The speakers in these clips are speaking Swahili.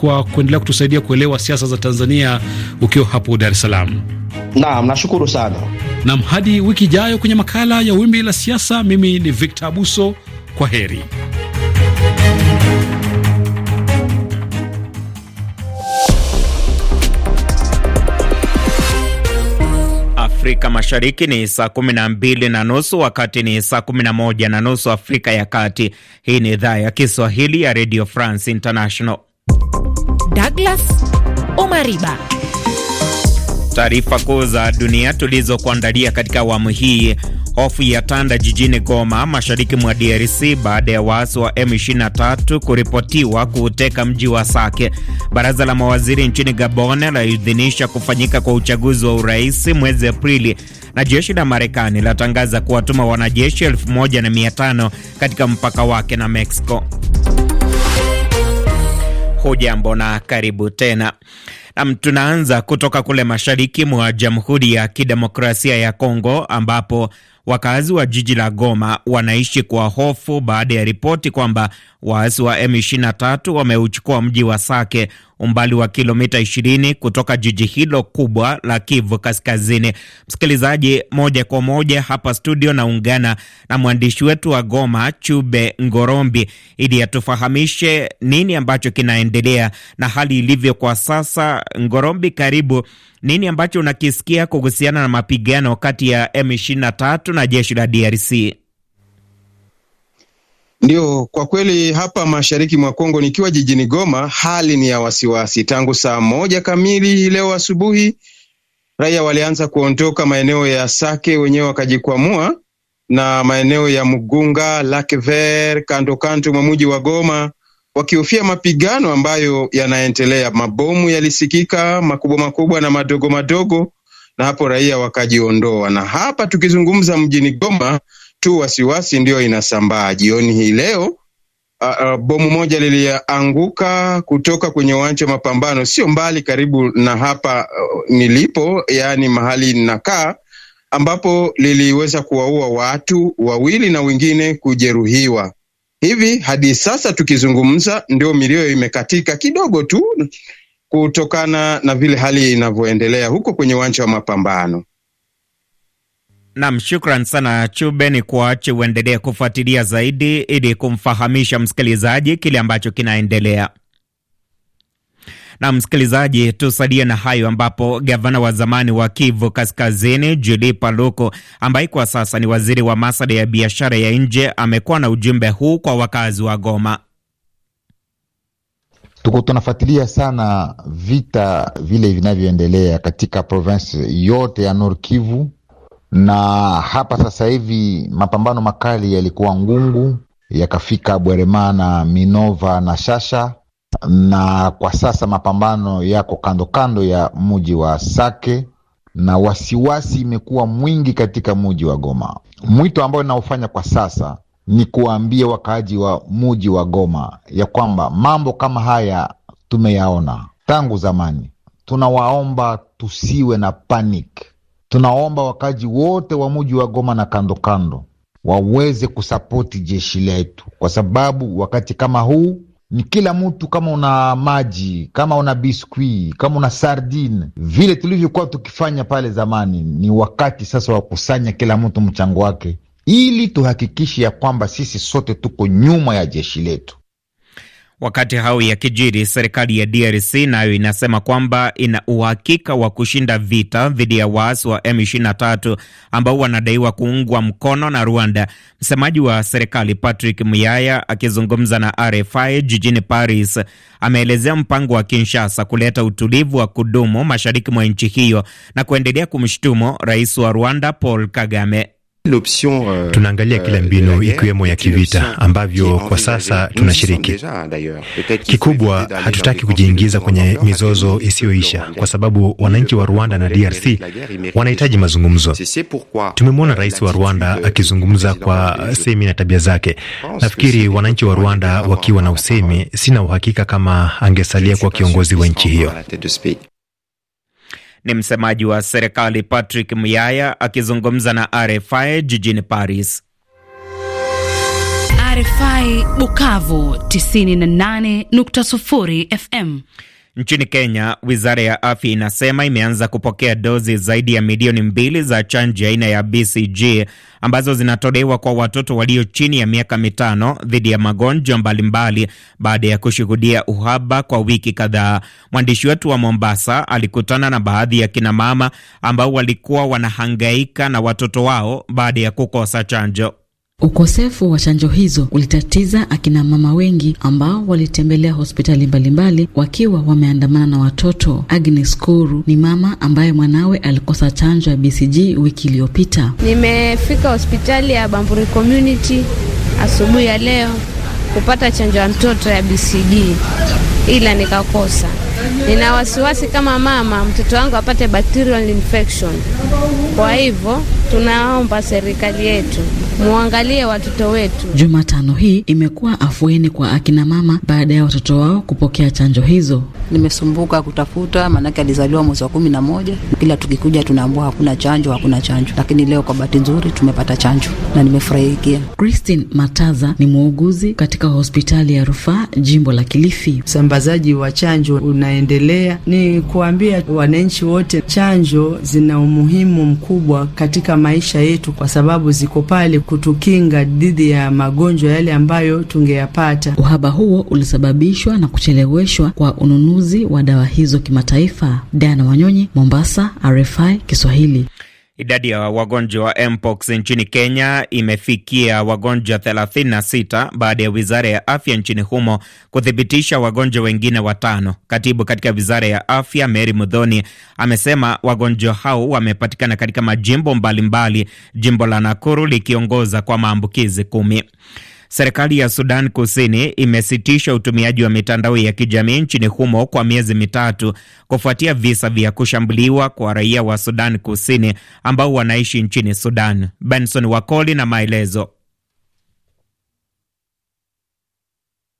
kwa kuendelea kutusaidia kuelewa siasa za Tanzania ukiwa hapo Dar es Salaam. Naam, nashukuru sana. Naam, hadi wiki ijayo kwenye makala ya Wimbi la Siasa. Mimi ni Victor Abuso, kwa heri. Afrika Mashariki ni saa kumi na mbili na nusu wakati ni saa kumi na moja na nusu Afrika ya Kati. Hii ni idhaa ya Kiswahili ya Radio France International. Douglas Omariba. Taarifa kuu za dunia tulizokuandalia katika awamu hii. Hofu ya tanda jijini Goma, mashariki mwa DRC baada ya waasi wa M23 kuripotiwa kuuteka mji wa Sake. Baraza la mawaziri nchini Gabon laidhinisha kufanyika kwa uchaguzi wa urais mwezi Aprili, na jeshi la Marekani latangaza kuwatuma wanajeshi 1500 katika mpaka wake na Mexico. Hujambo na karibu tena. Nam, tunaanza kutoka kule mashariki mwa Jamhuri ya Kidemokrasia ya Kongo ambapo wakazi wa jiji la Goma wanaishi kwa hofu baada ya ripoti kwamba waasi wa M23 wameuchukua mji wa Sake umbali wa kilomita 20 kutoka jiji hilo kubwa la Kivu Kaskazini. Msikilizaji, moja kwa moja hapa studio naungana na mwandishi wetu wa Goma, Chube Ngorombi, ili atufahamishe nini ambacho kinaendelea na hali ilivyo kwa sasa. Ngorombi, karibu. Nini ambacho unakisikia kuhusiana na mapigano kati ya M23 na jeshi la DRC? Ndio, kwa kweli hapa mashariki mwa Kongo, nikiwa jijini Goma, hali ni ya wasiwasi. Tangu saa moja kamili leo asubuhi, raia walianza kuondoka maeneo ya Sake, wenyewe wakajikwamua na maeneo ya Mugunga, Lac Vert, kando kando mwa mji wa Goma, wakihofia mapigano ambayo yanaendelea. Mabomu yalisikika makubwa makubwa na madogo madogo, na hapo raia wakajiondoa. Na hapa tukizungumza mjini Goma tu wasiwasi ndio inasambaa. Jioni hii leo uh, uh, bomu moja lilianguka kutoka kwenye uwanja wa mapambano sio mbali, karibu na hapa uh, nilipo, yaani mahali ninakaa, ambapo liliweza kuwaua watu wawili na wengine kujeruhiwa. Hivi hadi sasa tukizungumza, ndio milio imekatika kidogo tu kutokana na vile hali inavyoendelea huko kwenye uwanja wa mapambano. Nam, shukran sana Chube, ni kuache uendelee kufuatilia zaidi ili kumfahamisha msikilizaji kile ambacho kinaendelea. Na msikilizaji, tusalie na hayo ambapo gavana wa zamani wa Kivu Kaskazini juli Paluku, ambaye kwa sasa ni waziri wa masuala ya biashara ya nje, amekuwa na ujumbe huu kwa wakazi wa Goma. Tuko tunafuatilia sana vita vile vinavyoendelea katika province yote ya Nord Kivu na hapa sasa hivi mapambano makali yalikuwa Ngungu, yakafika bweremana na Minova na Shasha, na kwa sasa mapambano yako kando kando ya mji wa Sake na wasiwasi imekuwa mwingi katika mji wa Goma. Mwito ambao inaofanya kwa sasa ni kuwaambia wakaaji wa mji wa Goma ya kwamba mambo kama haya tumeyaona tangu zamani. Tunawaomba tusiwe na panic. Tunaomba wakaji wote wa muji wa Goma na kando kando waweze kusapoti jeshi letu, kwa sababu wakati kama huu ni kila mtu, kama una maji, kama una biskwi, kama una sardine, vile tulivyokuwa tukifanya pale zamani, ni wakati sasa wa kusanya kila mtu mchango wake, ili tuhakikishe ya kwamba sisi sote tuko nyuma ya jeshi letu. Wakati hao ya kijiri, serikali ya DRC nayo inasema kwamba ina uhakika wa kushinda vita dhidi ya waasi wa M23 ambao wanadaiwa kuungwa mkono na Rwanda. Msemaji wa serikali Patrick Muyaya akizungumza na RFI jijini Paris ameelezea mpango wa Kinshasa kuleta utulivu wa kudumu mashariki mwa nchi hiyo na kuendelea kumshutumu rais wa Rwanda Paul Kagame. Euh, tunaangalia kila euh, mbinu ikiwemo ya kivita ambavyo kwa sasa tunashiriki. Kikubwa, hatutaki kujiingiza kwenye mizozo isiyoisha, kwa sababu wananchi wa Rwanda na DRC wanahitaji mazungumzo. Tumemwona rais wa Rwanda akizungumza kwa semi na tabia zake. Nafikiri wananchi wa Rwanda wakiwa na usemi, sina uhakika kama angesalia kuwa kiongozi wa nchi hiyo. Ni msemaji wa serikali Patrick Muyaya akizungumza na RFI jijini Paris. RFI Bukavu 98.0 FM. Nchini Kenya, wizara ya afya inasema imeanza kupokea dozi zaidi ya milioni mbili za chanjo aina ya BCG ambazo zinatolewa kwa watoto walio chini ya miaka mitano dhidi ya magonjwa mbalimbali baada ya kushuhudia uhaba kwa wiki kadhaa. Mwandishi wetu wa Mombasa alikutana na baadhi ya kinamama ambao walikuwa wanahangaika na watoto wao baada ya kukosa chanjo. Ukosefu wa chanjo hizo ulitatiza akina mama wengi ambao walitembelea hospitali mbalimbali wakiwa wameandamana na watoto. Agnes Kuru ni mama ambaye mwanawe alikosa chanjo ya BCG wiki iliyopita. Nimefika hospitali ya Bamburi Community asubuhi ya leo kupata chanjo ya mtoto ya BCG ila nikakosa. Nina wasiwasi kama mama mtoto wangu apate bacterial infection, kwa hivyo Tunaomba serikali yetu muangalie watoto wetu. Jumatano hii imekuwa afueni kwa akina mama baada ya watoto wao kupokea chanjo hizo. Nimesumbuka kutafuta, maanake alizaliwa mwezi wa kumi na moja. Kila tukikuja tunaambua hakuna chanjo, hakuna chanjo, lakini leo kwa bahati nzuri tumepata chanjo na nimefurahikia. Christine Mataza ni muuguzi katika hospitali ya rufaa jimbo la Kilifi. Usambazaji wa chanjo unaendelea, ni kuambia wananchi wote chanjo zina umuhimu mkubwa katika maisha yetu, kwa sababu ziko pale kutukinga dhidi ya magonjwa yale ambayo tungeyapata. Uhaba huo ulisababishwa na kucheleweshwa kwa ununuzi wa dawa hizo kimataifa. Diana Wanyonyi, Mombasa, RFI Kiswahili. Idadi ya wagonjwa wa mpox nchini Kenya imefikia wagonjwa 36 baada ya wizara ya afya nchini humo kuthibitisha wagonjwa wengine watano. Katibu katika wizara ya afya Mary Mudhoni amesema wagonjwa hao wamepatikana katika majimbo mbalimbali, jimbo la Nakuru likiongoza kwa maambukizi kumi. Serikali ya Sudan Kusini imesitisha utumiaji wa mitandao ya kijamii nchini humo kwa miezi mitatu kufuatia visa vya kushambuliwa kwa raia wa Sudan Kusini ambao wanaishi nchini Sudan. Benson Wakoli na maelezo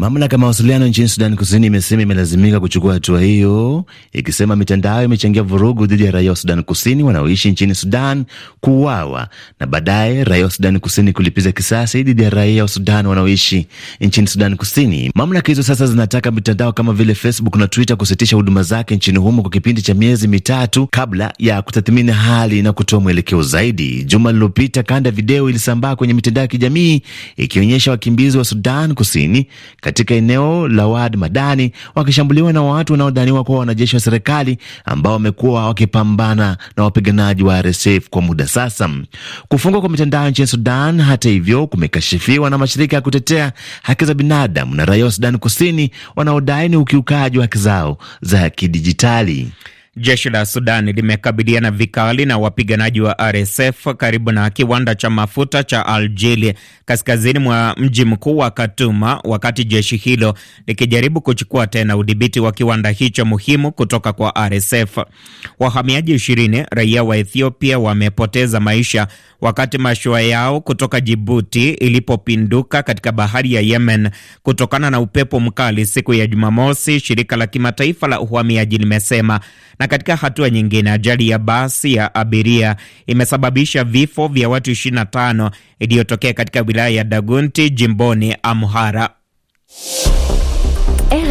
Mamlaka ya mawasiliano nchini Sudani Kusini imesema imelazimika kuchukua hatua hiyo, ikisema mitandao imechangia vurugu dhidi ya raia wa Sudani Kusini wanaoishi nchini Sudan kuuawa na baadaye raia wa Sudani Kusini kulipiza kisasi dhidi ya raia wa Sudan wanaoishi nchini Sudani Kusini. Mamlaka hizo sasa zinataka mitandao kama vile Facebook na Twitter kusitisha huduma zake nchini humo kwa kipindi cha miezi mitatu kabla ya kutathmini hali na kutoa mwelekeo zaidi. Juma lililopita, kanda video ilisambaa kwenye mitandao ya kijamii ikionyesha wakimbizi wa Sudan Kusini katika eneo la Wad Madani wakishambuliwa na watu wanaodhaniwa kuwa wanajeshi wa serikali ambao wamekuwa wakipambana na wapiganaji wa RSF kwa muda sasa. Kufungwa kwa mitandao nchini Sudan, hata hivyo, kumekashifiwa na mashirika ya kutetea haki za binadamu na raia wa Sudan Kusini wanaodai ni ukiukaji wa haki zao za kidijitali. Jeshi la Sudani limekabiliana vikali na wapiganaji wa RSF karibu na kiwanda cha mafuta cha Aljili kaskazini mwa mji mkuu wa Katuma, wakati jeshi hilo likijaribu kuchukua tena udhibiti wa kiwanda hicho muhimu kutoka kwa RSF. Wahamiaji ishirini raia wa Ethiopia wamepoteza maisha wakati mashua yao kutoka Jibuti ilipopinduka katika bahari ya Yemen kutokana na upepo mkali siku ya Jumamosi, shirika la kimataifa la uhamiaji limesema na katika hatua nyingine, ajali ya basi ya abiria imesababisha vifo vya watu 25 iliyotokea katika wilaya ya Dagunti jimboni Amhara.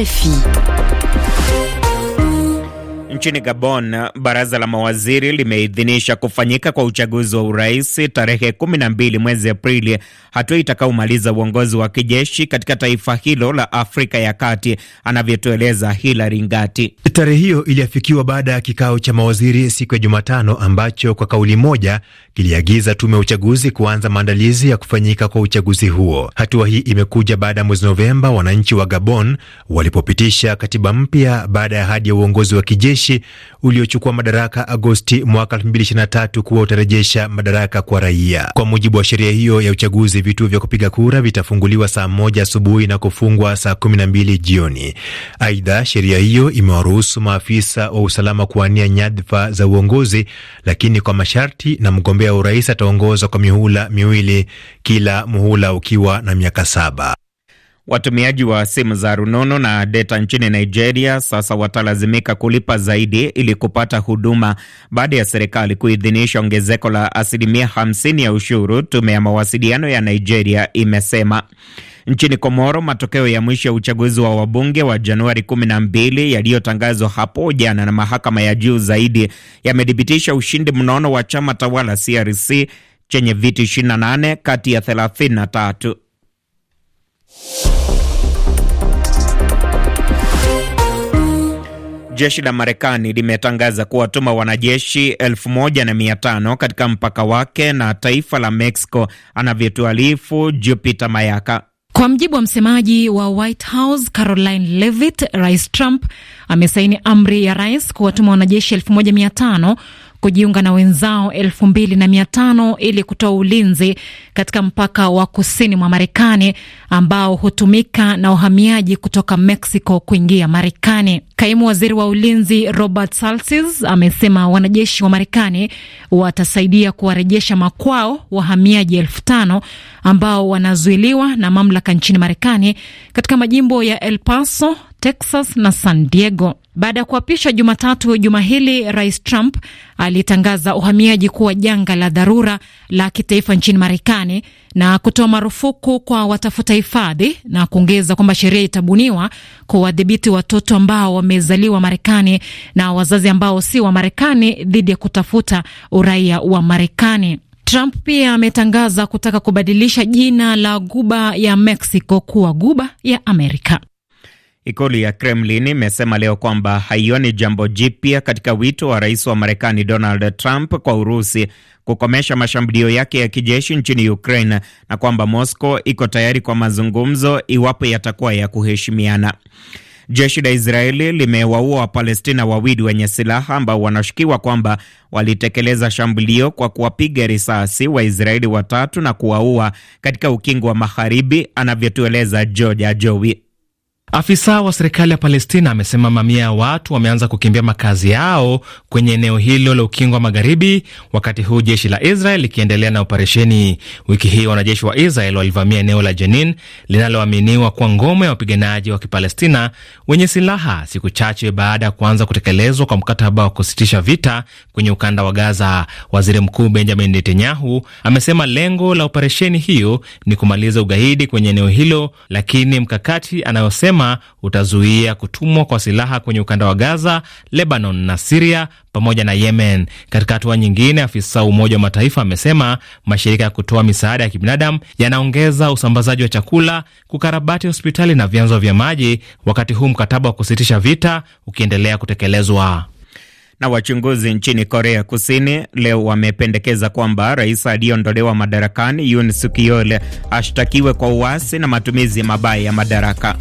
RFI Nchini Gabon, baraza la mawaziri limeidhinisha kufanyika kwa uchaguzi wa urais tarehe 12 mwezi Aprili, hatua itakaomaliza uongozi wa kijeshi katika taifa hilo la Afrika ya Kati, anavyotueleza Hilary Ngati. Tarehe hiyo iliafikiwa baada ya kikao cha mawaziri siku ya Jumatano ambacho kwa kauli moja kiliagiza tume ya uchaguzi kuanza maandalizi ya kufanyika kwa uchaguzi huo. Hatua hii imekuja baada ya mwezi Novemba wananchi wa Gabon walipopitisha katiba mpya baada ya hadi ya uongozi wa kijeshi uliochukua madaraka Agosti mwaka 2023 kuwa utarejesha madaraka kwa raia. Kwa mujibu wa sheria hiyo ya uchaguzi, vituo vya kupiga kura vitafunguliwa saa moja asubuhi na kufungwa saa 12 jioni. Aidha, sheria hiyo imewaruhusu maafisa wa usalama kuwania nyadhifa za uongozi, lakini kwa masharti na mgombea mgombea urais ataongoza kwa mihula miwili, kila muhula ukiwa na miaka saba. Watumiaji wa simu za rununu na deta nchini Nigeria sasa watalazimika kulipa zaidi ili kupata huduma baada ya serikali kuidhinisha ongezeko la asilimia 50 ya ushuru, tume ya mawasiliano ya Nigeria imesema. Nchini Komoro, matokeo ya mwisho ya uchaguzi wa wabunge wa Januari 12 yaliyotangazwa hapo jana na mahakama ya juu zaidi yamethibitisha ushindi mnono wa chama tawala CRC chenye viti 28 kati ya 33. Jeshi la Marekani limetangaza kuwatuma wanajeshi 15 katika mpaka wake na taifa la Mexico, anavyotualifu Jupiter Mayaka. Kwa mjibu wa msemaji wa White House Caroline Levitt, Rais Trump amesaini amri ya rais kuwatuma wanajeshi elfu moja mia tano kujiunga na wenzao elfu mbili na mia tano ili kutoa ulinzi katika mpaka wa kusini mwa Marekani ambao hutumika na uhamiaji kutoka Mexico kuingia Marekani. Kaimu waziri wa ulinzi Robert Salsis amesema wanajeshi wa Marekani watasaidia kuwarejesha makwao wahamiaji elfu tano ambao wanazuiliwa na mamlaka nchini Marekani katika majimbo ya El Paso, Texas na San Diego. Baada ya kuapishwa Jumatatu juma hili, Rais Trump alitangaza uhamiaji kuwa janga la dharura la kitaifa nchini Marekani na kutoa marufuku kwa watafuta hifadhi na kuongeza kwamba sheria itabuniwa kuwadhibiti watoto ambao wamezaliwa Marekani na wazazi ambao si wa Marekani dhidi ya kutafuta uraia wa Marekani. Trump pia ametangaza kutaka kubadilisha jina la guba ya Mexico kuwa guba ya Amerika. Ikulu ya Kremlin imesema leo kwamba haioni jambo jipya katika wito wa rais wa Marekani Donald Trump kwa Urusi kukomesha mashambulio yake ya kijeshi nchini Ukraine na kwamba Moscow iko tayari kwa mazungumzo iwapo yatakuwa ya kuheshimiana. Jeshi la Israeli limewaua Wapalestina wawili wenye silaha ambao wanashukiwa kwamba walitekeleza shambulio kwa kuwapiga risasi Waisraeli watatu na kuwaua katika ukingo wa Magharibi, anavyotueleza Georgia Jowi. Afisa wa serikali ya Palestina amesema mamia ya watu wameanza kukimbia makazi yao kwenye eneo hilo la ukingo wa magharibi, wakati huu jeshi la Israel likiendelea na operesheni. Wiki hii wanajeshi wa Israel walivamia eneo la Jenin linaloaminiwa kuwa ngome ya wapiganaji wa Kipalestina wenye silaha, siku chache baada ya kuanza kutekelezwa kwa mkataba wa kusitisha vita kwenye ukanda wa Gaza. Waziri Mkuu Benjamin Netanyahu amesema lengo la operesheni hiyo ni kumaliza ugaidi kwenye eneo hilo, lakini mkakati anayosema amesema utazuia kutumwa kwa silaha kwenye ukanda wa Gaza, Lebanon na Siria pamoja na Yemen. Katika hatua nyingine, afisa Umoja wa Mataifa amesema mashirika ya kutoa misaada ya kibinadamu yanaongeza usambazaji wa chakula, kukarabati hospitali na vyanzo vya maji, wakati huu mkataba wa kusitisha vita ukiendelea kutekelezwa. Na wachunguzi nchini Korea Kusini leo wamependekeza kwamba rais aliyeondolewa madarakani Yoon Suk Yeol ashtakiwe kwa uasi na matumizi mabaya ya madaraka.